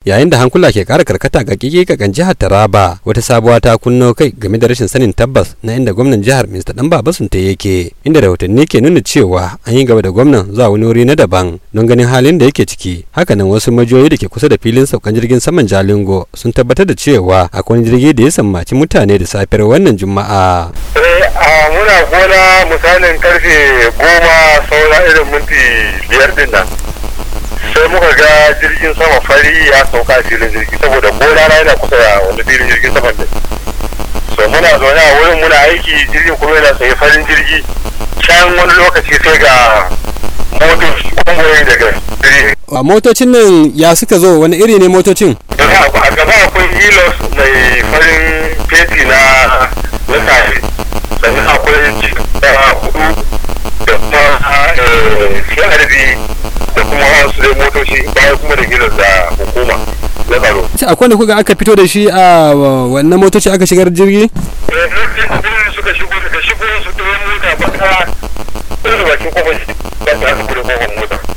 yayin da hankula ke kara karkata ga kikikakan jihar taraba wata sabuwa ta kunno kai game da rashin sanin tabbas na inda gwamnan jihar mr dan ta yake inda rahotanni ke nuna cewa an yi gaba da gwamnan zuwa wani wuri na daban don ganin halin da yake ciki hakanan wasu majiyoyi da ke kusa da filin saukan jirgin saman jalingo sun tabbatar da cewa akwai jirgi da ya sammaci mutane da safiyar wannan juma'a eh, muna gona misalin karfe goma saura irin minti biyar din nan muka ga jirgin sama fari ya sauka a filin jirgi saboda ko rana yana kusa da wani filin jirgin sama ne so muna zaune a wurin muna aiki jirgin kuma yana sai farin jirgi can wani lokaci sai ga motocin kungiyoyi daga jirgin a motocin nan ya suka zo wani iri ne motocin a gaba akwai ilos mai farin feti na na tafi sannan akwai jirgin da hudu da kuma eh, crb motoci baya kuma da gidan da hukuma na tsaro. akwai da kuka aka fito da shi a wannan motoci aka shigar jirgi? Eh,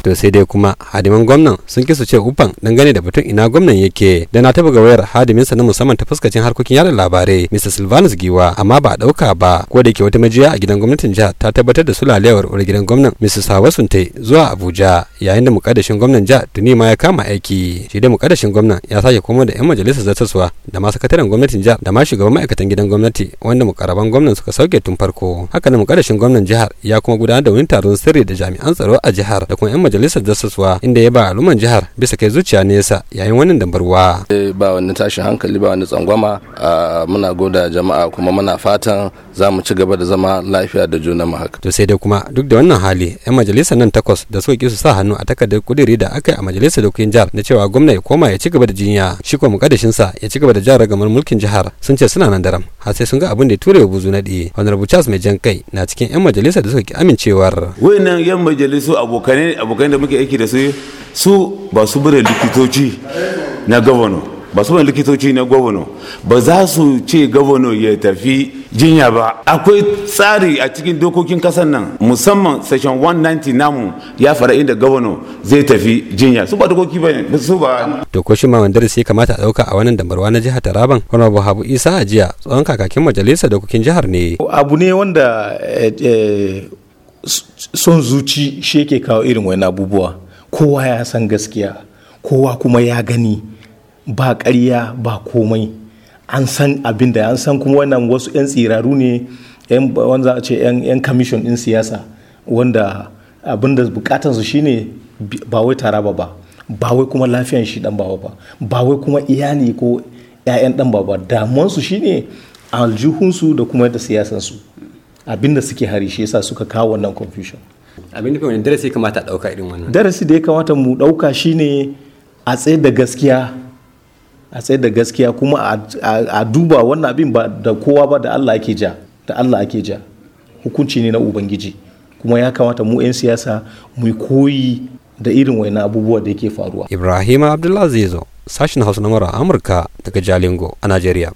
to sai dai kuma hadiman gwamnan sun ki ce uban dangane da batun ina gwamnan yake da na taba ga wayar hadiminsa na musamman ta fuskacin harkokin yada labarai Mr. Silvanus Giwa amma ba a dauka ba ko da ke wata majiya a gidan gwamnatin jihar ta tabbatar da sulalewar uwar gidan gwamnan mr sawa Sunte zuwa Abuja yayin da mukaddashin gwamnan jihar tuni ma ya kama aiki shi da mukaddashin gwamnan ya sake koma da yan majalisar zartaswa da ma sakataren gwamnatin jihar da ma shugaban ma'aikatan gidan gwamnati wanda mukarraban gwamnan suka sauke tun farko haka da mukaddashin gwamnan jihar ya kuma gudanar da wani taron sirri da jami'an tsaro a jihar da kuma majalisar dasaswa inda ya ba aluman jihar bisa kai zuciya nesa yayin wannan dambarwa eh, ba wani tashin hankali ba wani tsangwama ah, muna goda jama'a kuma muna fatan za mu ci gaba da zama lafiya da juna mu haka to sai dai kuma duk da wannan hali yan majalisar nan takwas da suka ki su sa hannu a takardar kudiri da aka yi a majalisar dokokin jihar na cewa gwamna ya koma ya ci gaba da jinya shi ko mukaddashin sa ya ci gaba da jihar gamar mulkin jihar sun ce suna nan daram har sai sun ga abin da ya ture wa buzu naɗi honorable charles mai jan kai na cikin yan majalisar da suka ki amincewar wayannan yan majalisu abokanai abokanai abokan da muke aiki da su su ba su bude likitoci na gwamna ba su bude likitoci na gwamna ba za su ce gwamna ya tafi jinya ba akwai tsari a cikin dokokin kasar nan musamman sashen 190 namu ya fara inda gwamna zai tafi jinya su ba dokoki ba ne su ba to ko shi sai kamata a dauka a wannan damarwa na jihar Taraban Honorable Habu Isa jiya tsohon kakakin majalisa dokokin jihar ne abu ne wanda eh, eh, son zuci shi yake kawo irin wani abubuwa kowa ya san gaskiya kowa kuma ya gani ba ƙarya ba komai an san abin da an san kuma wannan wasu 'yan tsiraru ne wanda a ce 'yan kamishin ɗin siyasa wanda abin da bukatansu shine ba wai taraba ba ba wai kuma lafiyan shi dan baba ba ba wai kuma iyali ko 'ya'yan dan baba damuwansu shine aljihunsu da kuma yadda siyasansu abinda suke hari shi yasa suka kawo wannan confusion abin da darasi kamata a dauka irin wannan darasi da ya kamata mu dauka shine a tsaye da gaskiya a tsaye da gaskiya kuma a duba wannan abin ba da kowa ba da Allah ake ja da Allah ake ja hukunci ne na ubangiji kuma ya kamata mu 'yan siyasa mu koyi da irin wani abubuwa da yake faruwa ibrahim abdullahi zezo sashin hausa na mara amurka daga jalingo a najeriya